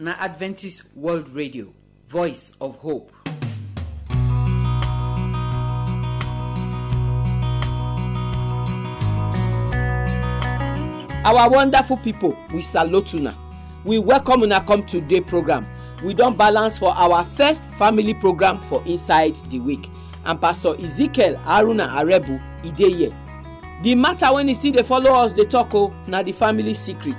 na adventist world radio voice of hope our wonderful people we salute una we welcome una come today program we don balance for our first family program for inside the week and pastor ezekiel haruna arebu e dey here the matter wey e still dey follow us dey talk o oh, na the family secret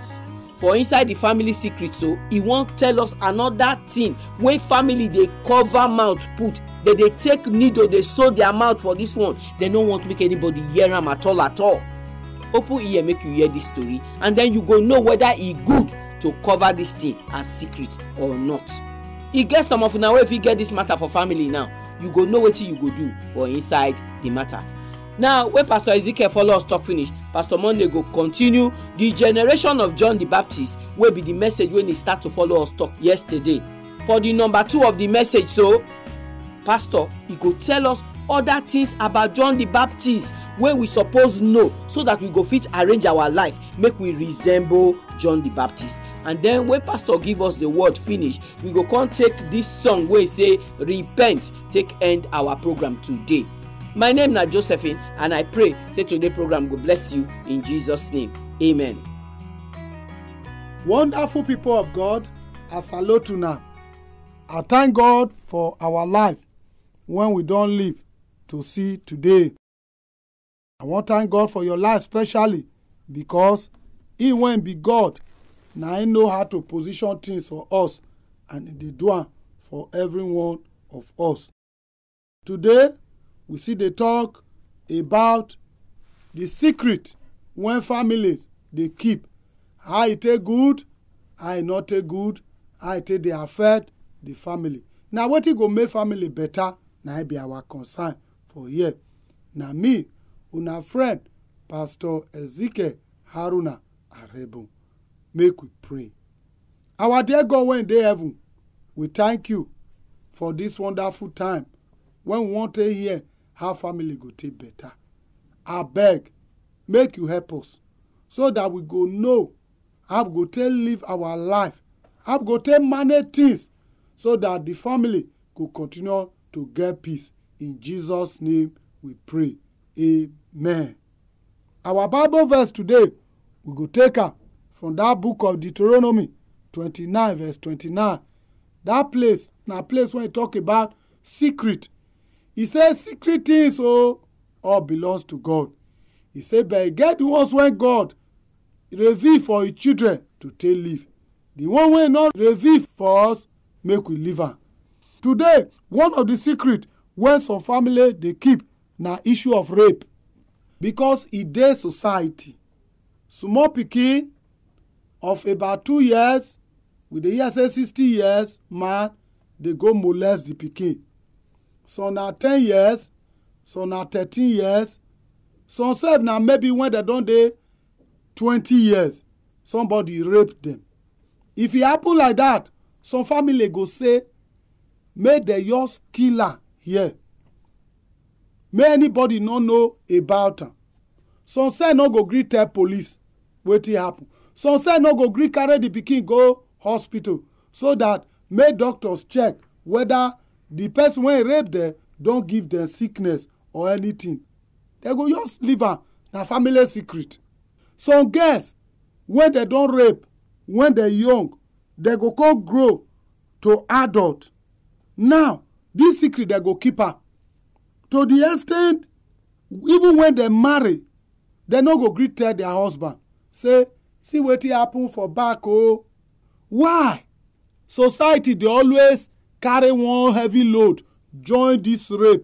for inside the family secret so he wan tell us another thing wey family dey cover mouth put dey dey take needle dey sew their mouth for this one dey no want make anybody hear am at all at all open ear make you hear this story and then you go know whether e good to cover this thing as secret or not e get some of una wey fit get this matter for family now you go know wetin you go do for inside the matter now when pastor ezekiel follow us talk finish pastor monday go continue the generation of john the baptist wey be the message wey he start to follow us talk yesterday for the number two of the message so pastor he go tell us other things about john the baptist wey we suppose know so that we go fit arrange our life make we resemble john the baptist and then when pastor give us the word finish we go come take this song wey say repent take end our program today my name na josephine and i pray say today program go bless you in jesus name amen. wonderful people of god i i thank god for our life when we don live to see today i wan thank god for your life especially because he wen be god na him know how to position things for us and he dey do am for every one of us. today we still dey talk about the secret wey families dey keep how e take good how e no take good how e take dey affect the family na wetin go make family better na be our concern for here na me una friend pastor ezekiel haruna Arebo, make we pray our dear god wey dey heaven we thank you for this wonderful time when we wan take hear how family go take better abeg make you help us so that we go know how we go take live our life how we go take manage things so that the family go continue to get peace in jesus name we pray amen our bible verse today we go take am from that book of deuteronomy twenty-nine verse twenty-nine that place na place wey e talk about secret He says secret things, oh, all belongs to God. He said, but get the ones when God reveal for his children to take live. The one when not reveal for us, make we live am. Today, one of the secret when some family dey keep na issue of rape because e dey society. Small pikin of about two years we dey hear say sixty years man dey go molest the pikin some na ten years some na thirteen years some sef na maybe when dem don dey twenty years somebody rape dem if e happen like that some family go say make dem just kill am here make anybody no know about am some sef no go gree tell police wetin happen some sef no go gree carry the pikin go hospital so that make doctors check whether the person wey rape them don give them sickness or anything They go just leave am na family secret some girls wey dem don rape when dem young dem go come grow to adult now this secret dem go keep am to the extent even when dem marry dem no go gree tell their husband say see wetin happen for back o oh. why society dey always carry one heavy load join this rape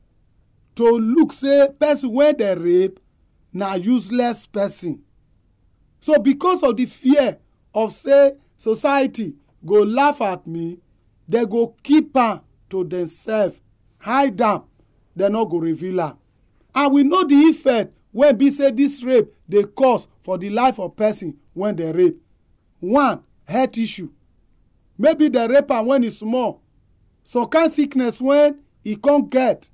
to look say person wey dem rape na useless person so because of the fear of say society go laugh at me they go keep am to themselves hide am They no go reveal am and we know the effect wey be say this rape dey cause for the life of person wey dem rape one health issue maybe dem rape am when e small So, can sickness when he can't get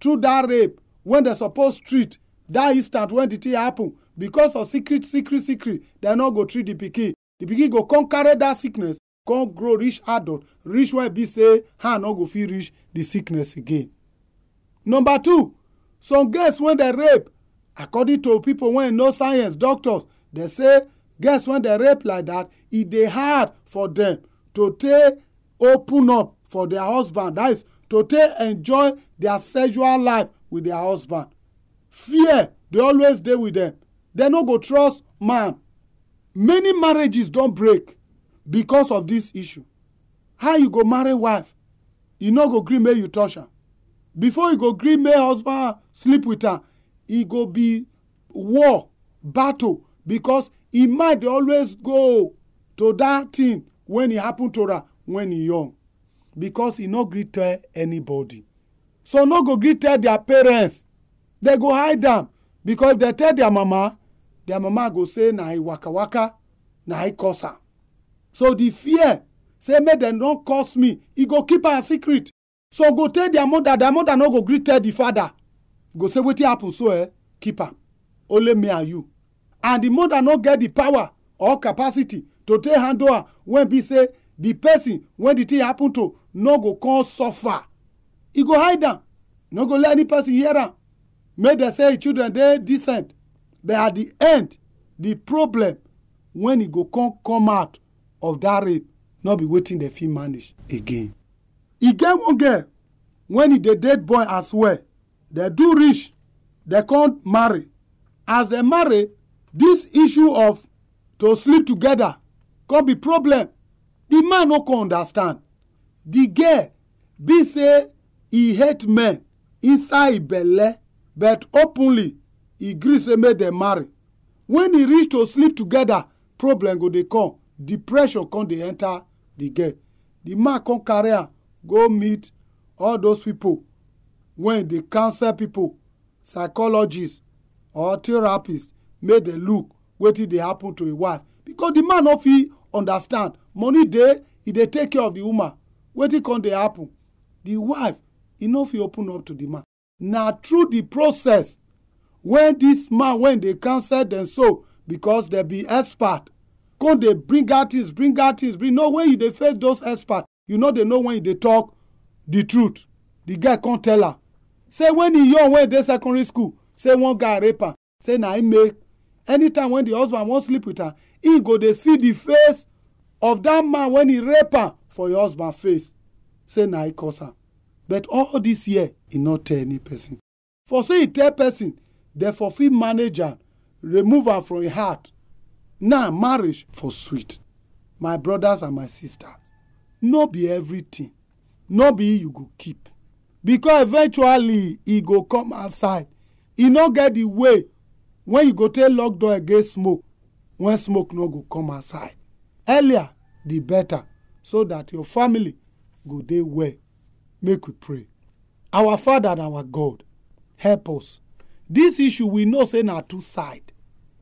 through that rape wen dem suppose treat that instant when di thing happen because of secret secret secret they not go treat the pikin the pikin go come carry that sickness come grow rich adult rich where e be say hand no go feel rich the sickness again. number two some girls when they rape according to people when no science doctors they say girls when they rape like that it' e dey hard for them to take open up for their husband that is to take enjoy their sexual life with their husband fear dey always dey with them They no go trust man many marriages don break because of this issue how you go marry wife you e no go gree make you touch am before you go gree make husband sleep with am e go be war battle because e mind dey always go to that thing when e happen to am when e young because he no gree tell anybody so no go gree tell their parents they go hide am because they tell their mama their mama go say na he waka waka na he cause am so the fear say make dem don curse me e go keep am secret so go tell their mother their mother no go gree tell the father go say wetin happen so eh keep am only me and you and the mother no get the power or capacity to take handle am when be say the person when the thing happen to no go come suffer e go hide am no go let any person hear am make dem say children dey decent but at the end the problem when e go come come out of that rape no be wetin dem fit manage again. e get one girl when e dey date boy as well dem do reach dem come marry as dem marry this issue of to sleep together come be problem the man no come understand the girl be say he hate men inside belle but openly he gree say make dem marry when e reach to sleep together problem go dey come depression come dey enter the girl the man come carry am go meet all those people wey dey counsel people psychologists or therapists make dem look wetin dey happen to a wife because the man no fit understand money dey e dey take care of the woman wetin come dey happen the wife e no fit open up to the man na through the process when this man wey dey counsel dem so because dem be expert come dey bring out things bring out things bring Know when you dey face those expert you no dey know when you dey talk the truth the guy come tell her. say when he young when he dey secondary school say one guy rape am say na him make anytime when the husband wan sleep with am he go dey see the face of that man when he rape am for your husband face say na he cause am but all this year he no tell any person for say e tell person dem for fit manage am remove am from im heart now marriage for sweet my brothers and my sisters no be everything no be you go keep because eventually e go come outside e no get the way when you go take lock door against smoke when smoke no go come outside earlier the better so that your family go dey well make we pray our father and our god help us this issue we know say na two side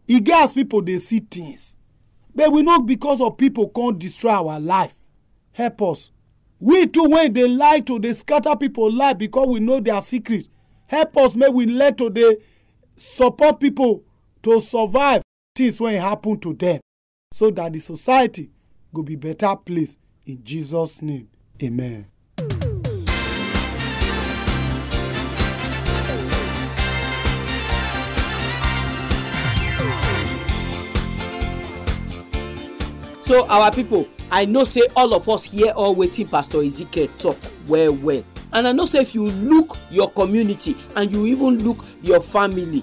e get as people dey see things but we know because of people come destroy our life help us we too wey dey lie to dey scatter people life because we know their secret help us make we learn to dey support people to survive things wey happen to them so that the society go be better place in jesus name amen. so our people i know say all of us hear all wetin pastor ezekiel talk well well and i know say if you look your community and you even look your family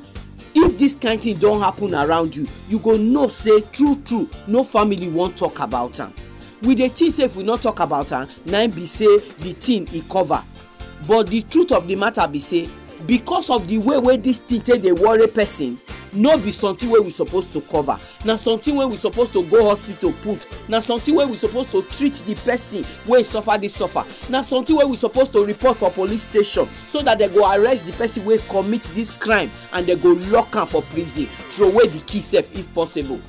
if this kind thing don happen around you you go know say true true no family wan talk about am we dey think say if we no talk about am na be say the thing e cover but the truth of the matter be say because of the way wey this thing take dey worry person no be something wey we suppose to cover na something wey we suppose to go hospital put na something wey we suppose to treat the person wey suffer this suffer na something wey we suppose to report for police station so that they go arrest the person wey commit this crime and they go lock am for prison throway the key sef if possible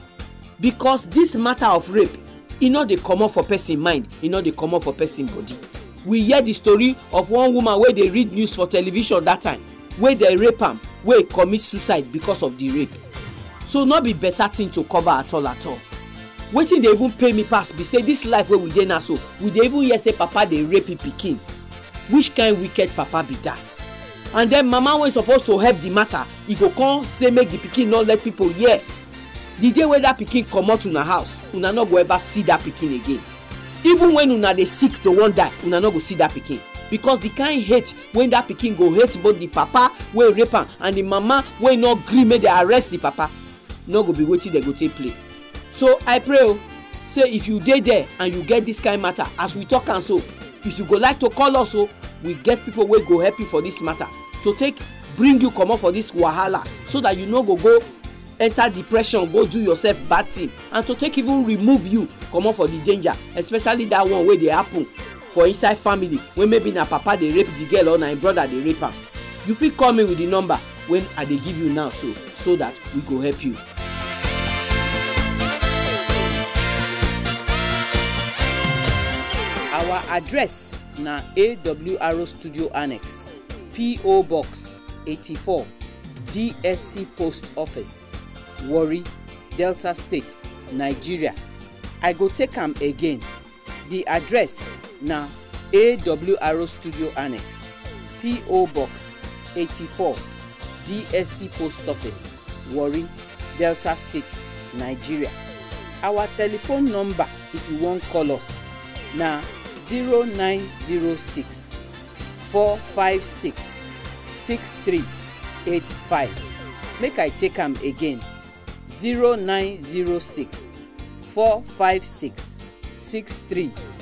because this matter of rape e no dey comot for person mind e no dey comot for person body we hear the story of one woman wey dey read news for television that time wey dey rape am wey commit suicide because of the rape so no be better thing to cover at all at all wetin dey even pay me pass be say this life wey we dey now so we dey even hear say papa dey rape him pikin which kind wicked papa be that and then mama wey suppose to help the matter e go come say make the pikin no let people hear the day wey that pikin comot una house una no go ever see that pikin again even when una dey sick to wan die una no go see that pikin because the kind hate wey that pikin go hate both the papa wey rape am and the mama wey no gree make they arrest the papa no go be wetin they go take play so i pray o oh, say if you dey there and you get this kind matter as we talk am so if you go like to call us o oh, we get people wey go help you for this matter to take bring you comot for this wahala so that you no go go enter depression go do yourself bad thing and to take even remove you comot for the danger especially that one wey dey happen for inside family wey maybe na papa dey rape the girl or na im brother dey rape am you fit call me with the number wey i dey give you now so so that we go help you. our address na awro studio annex po box eighty-four dsc post office warri delta state nigeria i go take am again the address na awr studio annex po box 84 dsc post office warri delta state nigeria our telephone number if you wan call us na 0906 456 6385 make i take am again 0906 456 6385.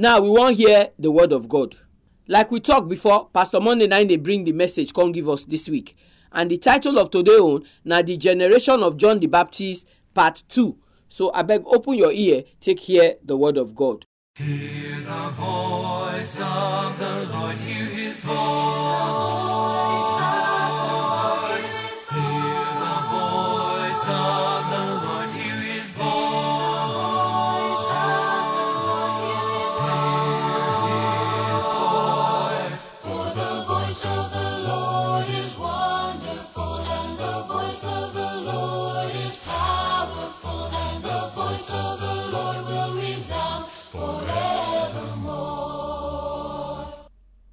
now we want hear the word of god like we talk before pastor monday na they bring the message come give us this week and the title of today own now the generation of john the baptist part two so I beg open your ear take hear the word of god. Hear the voice of the Lord, hear his voice.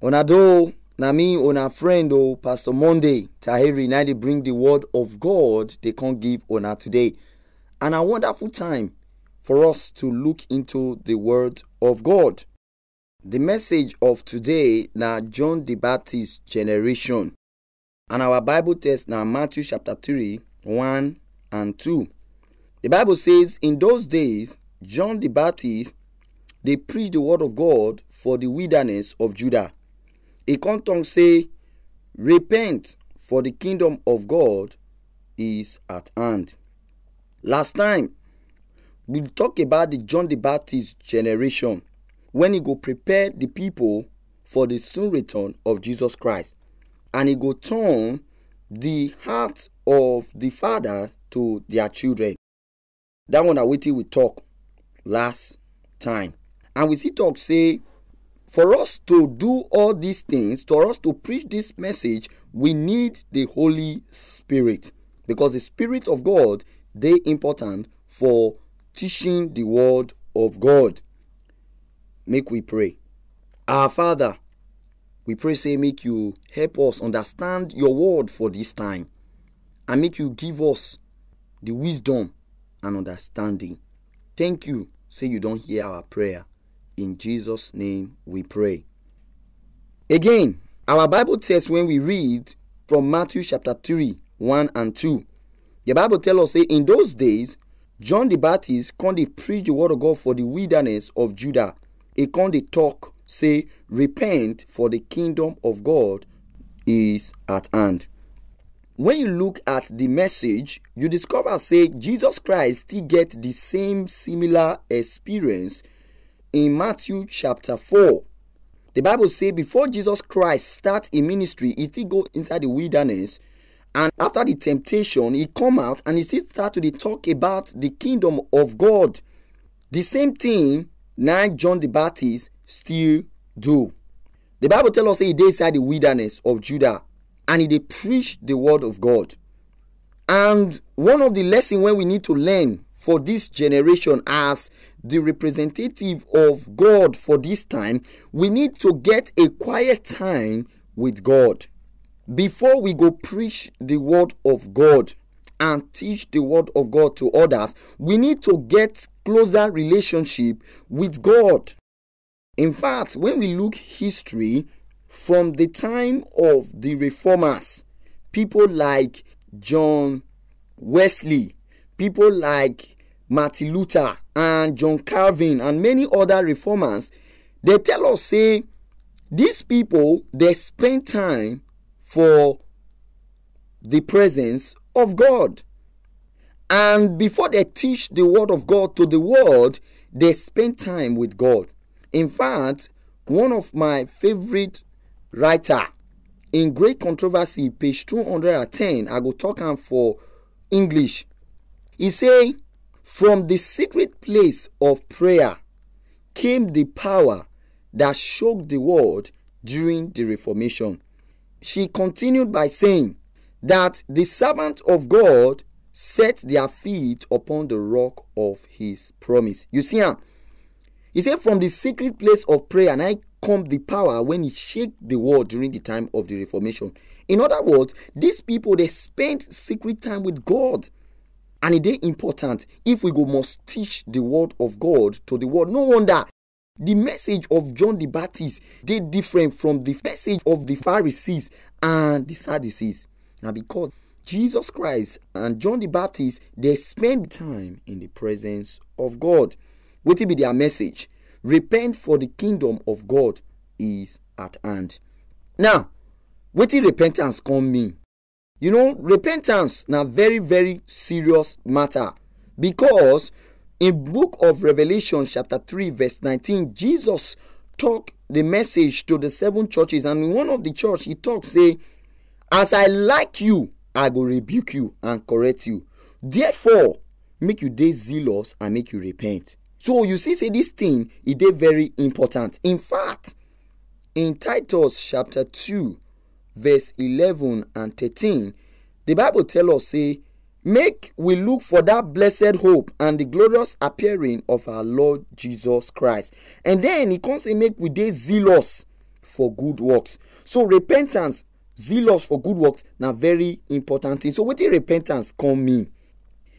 una do na me una friend o oh, pastor monday tahiri na dey bring the word of god dey come give una today and a wonderful time for us to look into the word of god the message of today na john the baptist generation and our bible text na matthew chapter three one and two. the bible says in those days john the baptist they preached the word of god for the wilderness of judah He come tongue say, Repent, for the kingdom of God is at hand. Last time, we talk about the John the Baptist generation when he go prepare the people for the soon return of Jesus Christ and he go turn the hearts of the father to their children. That one na wetin we talk last time. And we see talk say For us to do all these things, for us to preach this message, we need the Holy Spirit because the Spirit of God they important for teaching the word of God. Make we pray. Our Father, we pray say make you help us understand your word for this time and make you give us the wisdom and understanding. Thank you. Say you don't hear our prayer In Jesus' name we pray. Again, our Bible text when we read from Matthew chapter 3, 1 and 2. The Bible tells us, say, in those days, John the Baptist come to preach the word of God for the wilderness of Judah. He come to talk, say, repent for the kingdom of God is at hand. When you look at the message, you discover, say, Jesus Christ still get the same similar experience in Matthew chapter 4. The Bible says before Jesus Christ start a ministry, he still go inside the wilderness and after the temptation, he come out and he still start to talk about the kingdom of God. The same thing now John the Baptist still do. The Bible tell us he dey inside the wilderness of Judah and he dey preach the word of God. And one of the lesson wey we need to learn for this generation as the representative of God for this time, we need to get a quiet time with God before we go preach the word of God and teach the word of God to others. We need to get closer relationship with God. In fact, when we look history from the time of the reformers, people like John Wesley, people like martin luther and john calvin and many other reformers they tell us say these people they spend time for the presence of god and before they teach the word of god to the world they spend time with god in fact one of my favorite writer in great controversy page 210 i go talk am for english He say From the secret place of prayer came the power that shook the world during the Reformation. She continued by saying that the servant of God set their feet upon the rock of his promise. You see, huh? Ah, he said, From the secret place of prayer, and I come the power when he shake the world during the time of the Reformation. In other words, these people they spent secret time with God and e dey important if we go must teach the word of god to the world no wonder the message of john the baptist dey different from the message of the pharisees and the sadducees na because jesus christ and john the baptist dey spend time in the presence of god wetin be their message repent for the kingdom of god is at hand now wetin repentance come mean You know, repentance na very, very serious matter because in book of Revelation chapter three verse nineteen, Jesus talk the message to the seven churches and in one of the church he talk say, as I like you, I go rebuke you and correct you. Therefore, make you dey zealous and make you repent. So you see say this thing e dey very important. In fact, in Titus chapter two verse eleven and thirteen, the Bible tell us, say, Make we look for that blessed hope and the glorious appearing of our Lord Jesus Christ. And then he comes and make we day zealous for good works. So repentance, zealous for good works, now very important thing. So what did repentance come mean?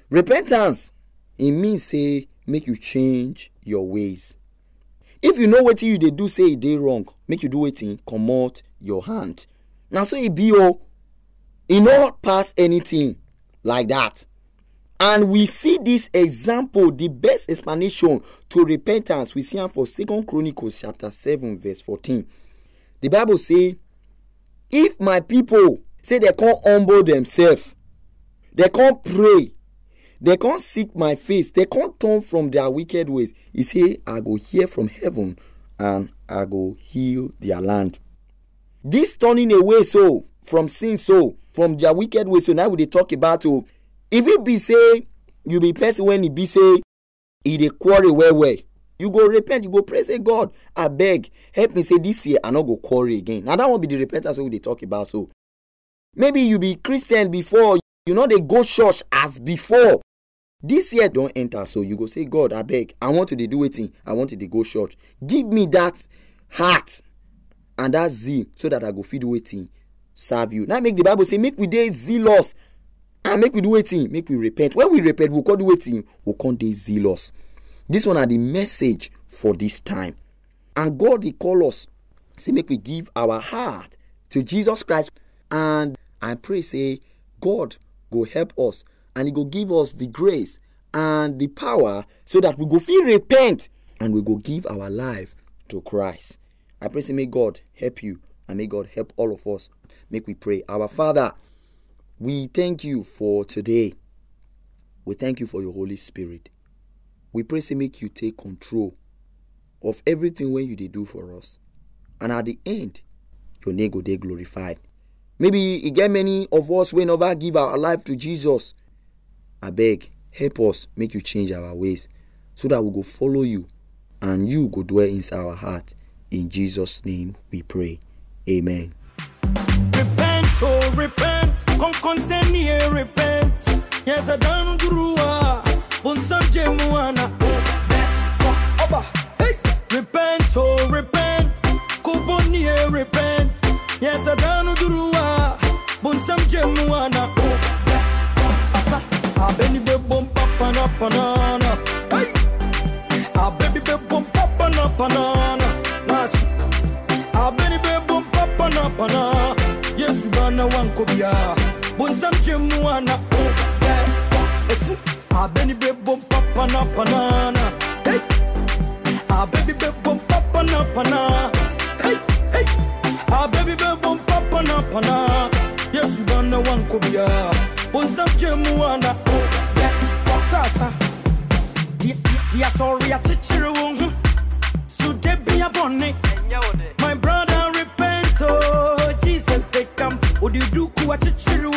Repentance, it e means say make you change your ways. If you know what you they do say they e wrong, make you do it in come your hand na so e be o oh, e no pass anything like that and we see this example the best explanation to repentance we see am for second chronicles chapter seven verse fourteen the bible say if my people say they come humble themselves they come pray they come seek my face they come turn from their wicked ways he say i go hear from heaven and i go heal their land This turning away so from sin so from their wicked ways. so now we dey talk about o. Oh, if it be say you be person when e be say e dey quarrel well well you go repent you go pray say god abeg help me say this year i no go quarrel again na that one be the repentance wey we dey talk about so maybe you be christian before you no dey go church as before this year don enter so you go say god abeg i want to dey do wetin i want to dey go church give me that heart and that zeal so that i go fit do wetin serve you now make the bible say make we dey zealous and make we do wetin make we repent when we repent we we'll come do wetin we we'll come dey zealous this one na the message for this time and god dey call us say make we give our heart to jesus christ and i pray say god go help us and he go give us the grace and the power so that we go fit repent and we go give our life to christ I pray, say, may God help you and may God help all of us. Make we pray. Our Father, we thank you for today. We thank you for your Holy Spirit. We pray, say, make you take control of everything when you did do for us. And at the end, your name go be glorified. Maybe again many of us we never give our life to Jesus. I beg, help us make you change our ways so that we go follow you and you go dwell inside our heart. In Jesus' name we pray. Amen. Repent, oh, repent. Come repent. Yes, I up. Ah. Repent, oh, repent. repent. Yes, I up. Jemuana. have been abeni be papa na pana yesu bana wankobia bonsam chemu ana o be esu abeni be bom papana panana hey abeni be papa na pana hey hey abeni be papa na pana yesu bana wankobia bonsam chemu ana o be sasa dia dia sorry a chichiru so debia bonne enyaode 支耻辱。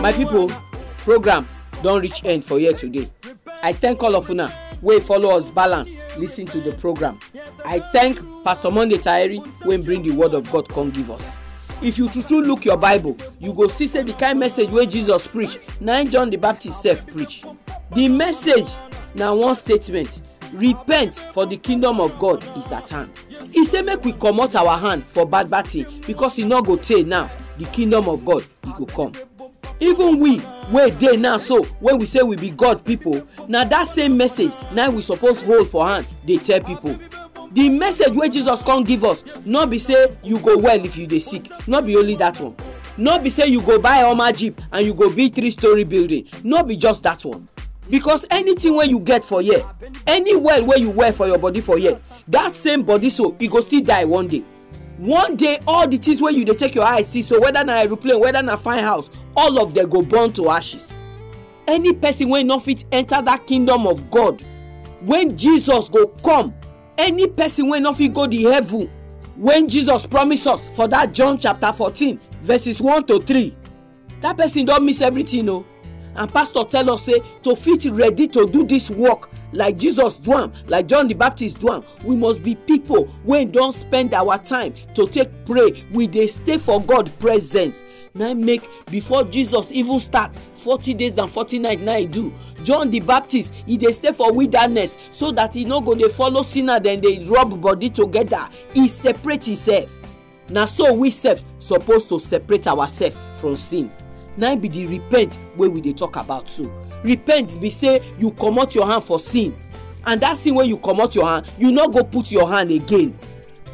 my people, program don reach end for here today i thank all of una wey follow us balance lis ten to the program i thank pastor monday taeri wey bring the word of god come give us if you true true look your bible you go see say the kind message wey jesus preach na john the baptist sef preach the message na one statement repent for the kingdom of god is at hand He say make we comot our hand for bad bad thing because e no go tey now the kingdom of god e go come even we wey dey now so when we say we be god people na that same message na we suppose hold for hand dey tell people the message wey jesus come give us no be say you go well if you dey sick no be only that one no be say you go buy oma jeep and you go build three story building no be just that one because anything wey you get for here any well wey you wear for your body for here that same body so e go still die one day one day all the things wey you dey take your eye see so whether na aeroplane whether na fine house all of them go burn to ashes any person wey no fit enter that kingdom of god when jesus go come any person wey no fit go the heaven when jesus promise us for that john chapter fourteen verses one to three that person don miss everything o. Oh. No? and pastor tell us say to fit ready to do this work like jesus do am like john the baptist do am we must be people wey don spend our time to take pray we dey stay for god presence na make before jesus even start forty days and forty night na he do john the baptist he dey stay for wilderness so that he no go dey follow sinner dem dey rub body together he separate himself na so we sef suppose to separate ourselves from sin na be the repent wey we dey talk about so repent be say you comot your hand for sin and that sin wey you comot your hand you no go put your hand again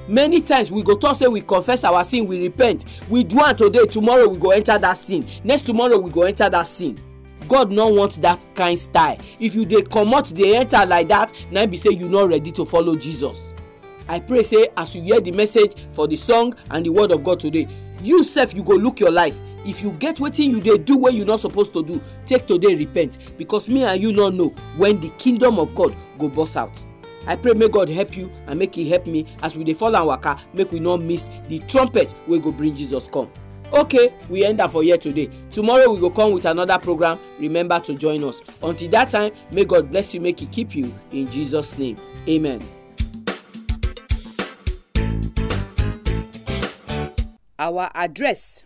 many times we go talk say we confess our sin we repent we do am today tomorrow we go enter that sin next tomorrow we go enter that sin god no want that kind style if you dey comot dey enter like that na be say you no ready to follow jesus i pray say as you hear the message for the song and the word of god today you sef you go look your life if you get wetin you dey do wey you no suppose to do take today repent because me and you no know when the kingdom of god go burst out i pray may god help you and make he help me as we dey follow am waka make we no miss the trumpet wey go bring jesus come okay we end am for here today tomorrow we go come with another program remember to join us until that time may god bless you make he keep you in jesus name amen. our address